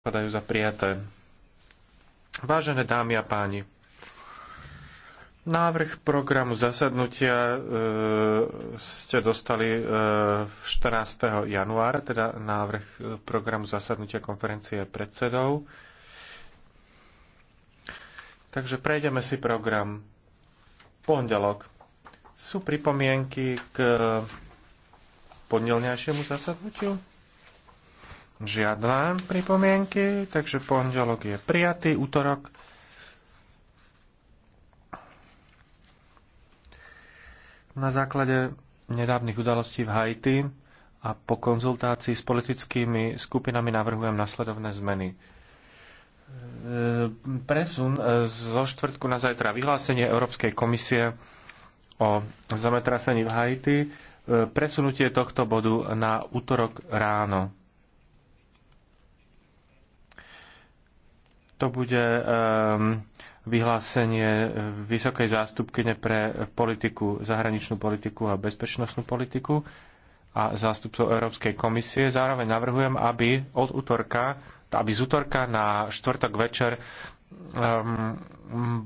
padajú za prijaté. Vážené dámy a páni, návrh programu zasadnutia e, ste dostali e, 14. januára, teda návrh e, programu zasadnutia konferencie predsedov. Takže prejdeme si program pondelok. Sú pripomienky k pondelňajšiemu zasadnutiu? Žiadne pripomienky, takže pondelok je prijatý, útorok. Na základe nedávnych udalostí v Haiti a po konzultácii s politickými skupinami navrhujem nasledovné zmeny. E, presun e, zo štvrtku na zajtra vyhlásenie Európskej komisie o zametrasení v Haiti, e, presunutie tohto bodu na útorok ráno. to bude ehm, vyhlásenie vysokej zástupkyne pre politiku, zahraničnú politiku a bezpečnostnú politiku a zástupcov Európskej komisie. Zároveň navrhujem, aby od útorka, aby z útorka na štvrtok večer um,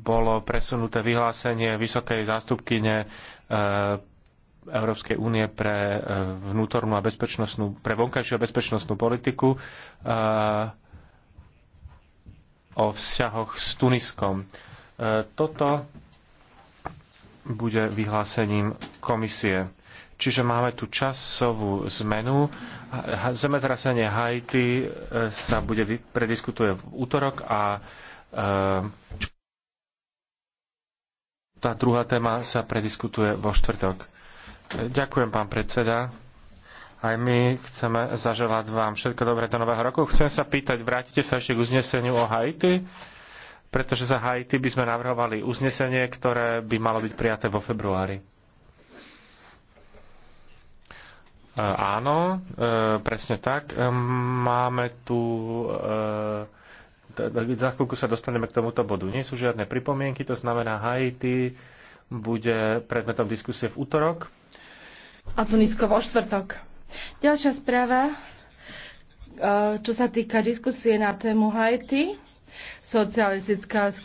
bolo presunuté vyhlásenie vysokej zástupkyne uh, Európskej únie pre eh, vnútornú a bezpečnostnú, pre vonkajšiu a bezpečnostnú politiku. Uh, o vzťahoch s Tuniskom. E, toto bude vyhlásením komisie. Čiže máme tu časovú zmenu. Zemetrasenie Haiti e, sa bude prediskutuje v útorok a e, tá druhá téma sa prediskutuje vo štvrtok. Ďakujem, pán predseda. Aj my chceme zaželať vám všetko dobré do nového roku. Chcem sa pýtať, vrátite sa ešte k uzneseniu o Haiti? Pretože za Haiti by sme navrhovali uznesenie, ktoré by malo byť prijaté vo februári. E, áno, e, presne tak. E, máme tu... Za chvíľku sa dostaneme k tomuto bodu. Nie sú žiadne pripomienky, to znamená Haiti bude predmetom diskusie v útorok. A Tunisko vo štvrtok. Ďalšia správa, e, čo sa týka diskusie na tému Haiti, socialistická skupina.